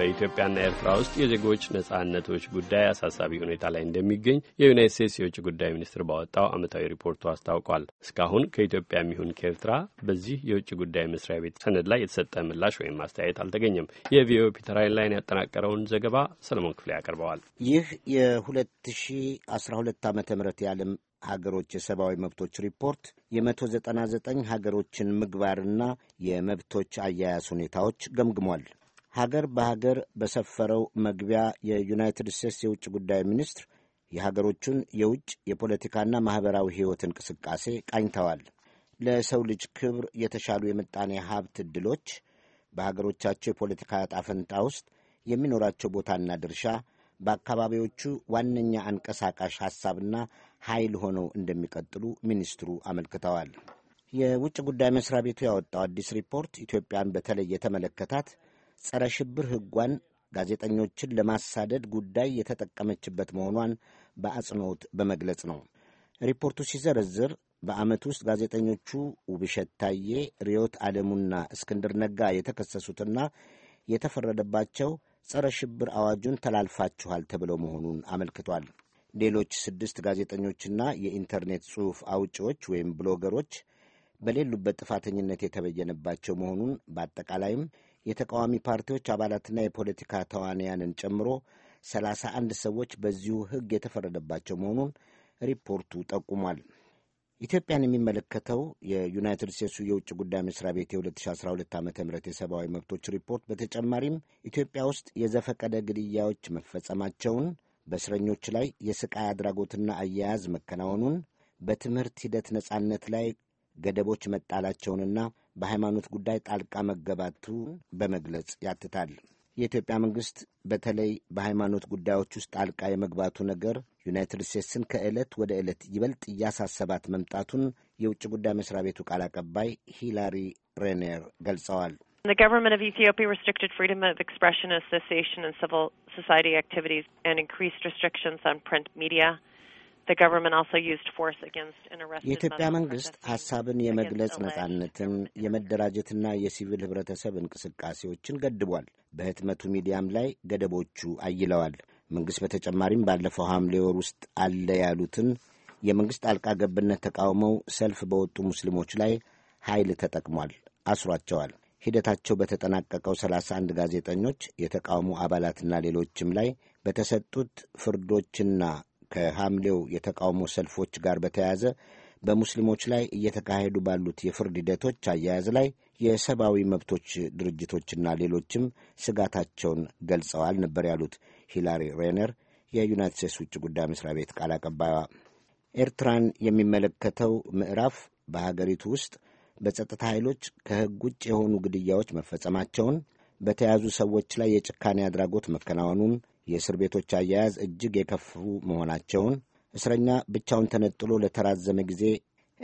በኢትዮጵያና ኤርትራ ውስጥ የዜጎች ነጻነቶች ጉዳይ አሳሳቢ ሁኔታ ላይ እንደሚገኝ የዩናይት ስቴትስ የውጭ ጉዳይ ሚኒስትር ባወጣው ዓመታዊ ሪፖርቱ አስታውቋል። እስካሁን ከኢትዮጵያ የሚሆን ከኤርትራ በዚህ የውጭ ጉዳይ መስሪያ ቤት ሰነድ ላይ የተሰጠ ምላሽ ወይም አስተያየት አልተገኘም። የቪኦኤ ፒተር ላይን ያጠናቀረውን ዘገባ ሰለሞን ክፍሌ ያቀርበዋል። ይህ የ2012 ዓ ም የዓለም ሀገሮች የሰብአዊ መብቶች ሪፖርት የ199 ሀገሮችን ምግባርና የመብቶች አያያዝ ሁኔታዎች ገምግሟል። ሀገር በሀገር በሰፈረው መግቢያ የዩናይትድ ስቴትስ የውጭ ጉዳይ ሚኒስትር የሀገሮቹን የውጭ የፖለቲካና ማኅበራዊ ሕይወት እንቅስቃሴ ቃኝተዋል። ለሰው ልጅ ክብር የተሻሉ የምጣኔ ሀብት ዕድሎች በሀገሮቻቸው የፖለቲካ ጣፈንታ ውስጥ የሚኖራቸው ቦታና ድርሻ በአካባቢዎቹ ዋነኛ አንቀሳቃሽ ሐሳብና ኃይል ሆነው እንደሚቀጥሉ ሚኒስትሩ አመልክተዋል። የውጭ ጉዳይ መሥሪያ ቤቱ ያወጣው አዲስ ሪፖርት ኢትዮጵያን በተለይ የተመለከታት ጸረ ሽብር ሕጓን ጋዜጠኞችን ለማሳደድ ጉዳይ የተጠቀመችበት መሆኗን በአጽንኦት በመግለጽ ነው። ሪፖርቱ ሲዘረዝር በዓመት ውስጥ ጋዜጠኞቹ ውብሸት ታዬ፣ ርዮት ዓለሙና እስክንድር ነጋ የተከሰሱትና የተፈረደባቸው ጸረ ሽብር አዋጁን ተላልፋችኋል ተብለው መሆኑን አመልክቷል። ሌሎች ስድስት ጋዜጠኞችና የኢንተርኔት ጽሑፍ አውጪዎች ወይም ብሎገሮች በሌሉበት ጥፋተኝነት የተበየነባቸው መሆኑን በአጠቃላይም የተቃዋሚ ፓርቲዎች አባላትና የፖለቲካ ተዋንያንን ጨምሮ ሰላሳ አንድ ሰዎች በዚሁ ሕግ የተፈረደባቸው መሆኑን ሪፖርቱ ጠቁሟል። ኢትዮጵያን የሚመለከተው የዩናይትድ ስቴትሱ የውጭ ጉዳይ መስሪያ ቤት የ2012 ዓ ም የሰብአዊ መብቶች ሪፖርት በተጨማሪም ኢትዮጵያ ውስጥ የዘፈቀደ ግድያዎች መፈጸማቸውን፣ በእስረኞች ላይ የስቃይ አድራጎትና አያያዝ መከናወኑን፣ በትምህርት ሂደት ነጻነት ላይ ገደቦች መጣላቸውንና በሃይማኖት ጉዳይ ጣልቃ መገባቱ በመግለጽ ያትታል። የኢትዮጵያ መንግሥት በተለይ በሃይማኖት ጉዳዮች ውስጥ ጣልቃ የመግባቱ ነገር ዩናይትድ ስቴትስን ከዕለት ወደ ዕለት ይበልጥ እያሳሰባት መምጣቱን የውጭ ጉዳይ መስሪያ ቤቱ ቃል አቀባይ ሂላሪ ሬነር ገልጸዋል። The government of Ethiopia restricted freedom of expression, association, and civil society activities and increased restrictions on print media. የኢትዮጵያ መንግስት ሀሳብን የመግለጽ ነጻነትን የመደራጀትና የሲቪል ህብረተሰብ እንቅስቃሴዎችን ገድቧል። በህትመቱ ሚዲያም ላይ ገደቦቹ አይለዋል። መንግስት በተጨማሪም ባለፈው ሐምሌ ወር ውስጥ አለ ያሉትን የመንግስት ጣልቃ ገብነት ተቃውመው ሰልፍ በወጡ ሙስሊሞች ላይ ኃይል ተጠቅሟል፣ አስሯቸዋል። ሂደታቸው በተጠናቀቀው ሰላሳ ጋዜጠኞች የተቃውሞ አባላትና ሌሎችም ላይ በተሰጡት ፍርዶችና ከሐምሌው የተቃውሞ ሰልፎች ጋር በተያያዘ በሙስሊሞች ላይ እየተካሄዱ ባሉት የፍርድ ሂደቶች አያያዝ ላይ የሰብአዊ መብቶች ድርጅቶችና ሌሎችም ስጋታቸውን ገልጸዋል ነበር ያሉት ሂላሪ ሬነር የዩናይት ስቴትስ ውጭ ጉዳይ መስሪያ ቤት ቃል አቀባይዋ። ኤርትራን የሚመለከተው ምዕራፍ በሀገሪቱ ውስጥ በጸጥታ ኃይሎች ከሕግ ውጭ የሆኑ ግድያዎች መፈጸማቸውን፣ በተያዙ ሰዎች ላይ የጭካኔ አድራጎት መከናወኑን የእስር ቤቶች አያያዝ እጅግ የከፉ መሆናቸውን እስረኛ ብቻውን ተነጥሎ ለተራዘመ ጊዜ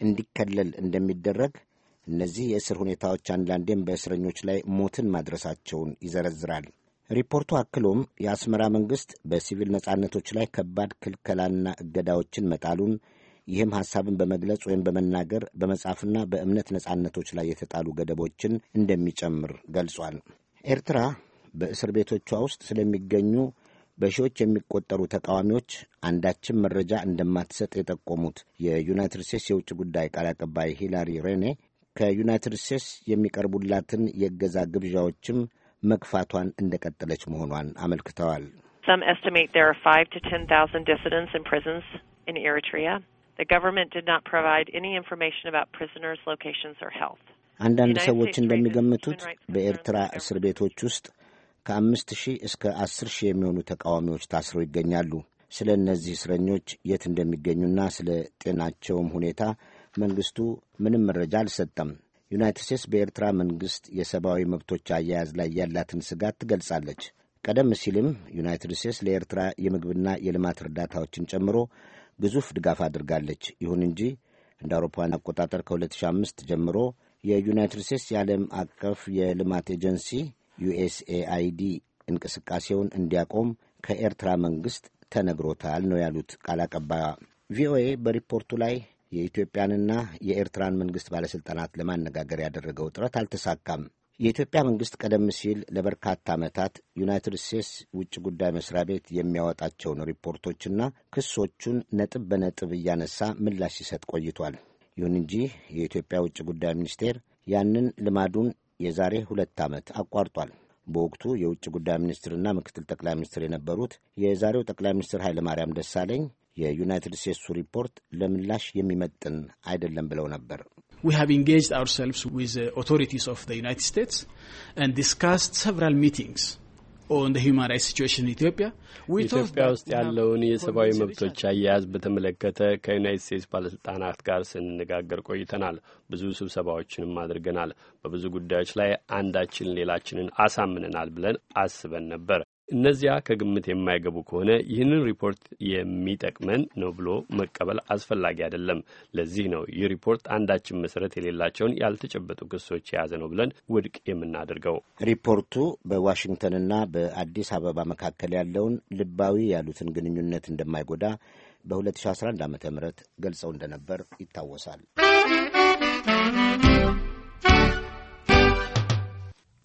እንዲከለል እንደሚደረግ እነዚህ የእስር ሁኔታዎች አንዳንዴም በእስረኞች ላይ ሞትን ማድረሳቸውን ይዘረዝራል። ሪፖርቱ አክሎም የአስመራ መንግሥት በሲቪል ነጻነቶች ላይ ከባድ ክልከላና እገዳዎችን መጣሉን፣ ይህም ሐሳብን በመግለጽ ወይም በመናገር በመጻፍና በእምነት ነጻነቶች ላይ የተጣሉ ገደቦችን እንደሚጨምር ገልጿል። ኤርትራ በእስር ቤቶቿ ውስጥ ስለሚገኙ በሺዎች የሚቆጠሩ ተቃዋሚዎች አንዳችን መረጃ እንደማትሰጥ የጠቆሙት የዩናይትድ ስቴትስ የውጭ ጉዳይ ቃል አቀባይ ሂላሪ ሬኔ ከዩናይትድ ስቴትስ የሚቀርቡላትን የገዛ ግብዣዎችም መግፋቷን እንደቀጠለች መሆኗን አመልክተዋል። አንዳንድ ሰዎች እንደሚገምቱት በኤርትራ እስር ቤቶች ውስጥ ከአምስት ሺህ እስከ አስር ሺህ የሚሆኑ ተቃዋሚዎች ታስረው ይገኛሉ። ስለ እነዚህ እስረኞች የት እንደሚገኙና ስለ ጤናቸውም ሁኔታ መንግስቱ ምንም መረጃ አልሰጠም። ዩናይትድ ስቴትስ በኤርትራ መንግስት የሰብአዊ መብቶች አያያዝ ላይ ያላትን ስጋት ትገልጻለች። ቀደም ሲልም ዩናይትድ ስቴትስ ለኤርትራ የምግብና የልማት እርዳታዎችን ጨምሮ ግዙፍ ድጋፍ አድርጋለች። ይሁን እንጂ እንደ አውሮፓውያን አቆጣጠር ከ2005 ጀምሮ የዩናይትድ ስቴትስ የዓለም አቀፍ የልማት ኤጀንሲ ዩኤስኤአይዲ እንቅስቃሴውን እንዲያቆም ከኤርትራ መንግሥት ተነግሮታል ነው ያሉት ቃል አቀባይዋ። ቪኦኤ በሪፖርቱ ላይ የኢትዮጵያንና የኤርትራን መንግሥት ባለሥልጣናት ለማነጋገር ያደረገው ጥረት አልተሳካም። የኢትዮጵያ መንግሥት ቀደም ሲል ለበርካታ ዓመታት ዩናይትድ ስቴትስ ውጭ ጉዳይ መስሪያ ቤት የሚያወጣቸውን ሪፖርቶችና ክሶቹን ነጥብ በነጥብ እያነሳ ምላሽ ሲሰጥ ቆይቷል። ይሁን እንጂ የኢትዮጵያ ውጭ ጉዳይ ሚኒስቴር ያንን ልማዱን የዛሬ ሁለት ዓመት አቋርጧል። በወቅቱ የውጭ ጉዳይ ሚኒስትርና ምክትል ጠቅላይ ሚኒስትር የነበሩት የዛሬው ጠቅላይ ሚኒስትር ኃይለማርያም ደሳለኝ የዩናይትድ ስቴትሱ ሪፖርት ለምላሽ የሚመጥን አይደለም ብለው ነበር። We have engaged ourselves with the authorities of the United States and discussed several meetings. on the human rights situation in Ethiopia. ኢትዮጵያ ውስጥ ያለውን የሰብአዊ መብቶች አያያዝ በተመለከተ ከዩናይት ስቴትስ ባለስልጣናት ጋር ስንነጋገር ቆይተናል። ብዙ ስብሰባዎችንም አድርገናል። በብዙ ጉዳዮች ላይ አንዳችን ሌላችንን አሳምነናል ብለን አስበን ነበር። እነዚያ ከግምት የማይገቡ ከሆነ ይህንን ሪፖርት የሚጠቅመን ነው ብሎ መቀበል አስፈላጊ አይደለም። ለዚህ ነው ይህ ሪፖርት አንዳችን መሰረት የሌላቸውን ያልተጨበጡ ክሶች የያዘ ነው ብለን ውድቅ የምናደርገው። ሪፖርቱ በዋሽንግተንና በአዲስ አበባ መካከል ያለውን ልባዊ ያሉትን ግንኙነት እንደማይጎዳ በ2011 ዓ ም ገልጸው እንደነበር ይታወሳል።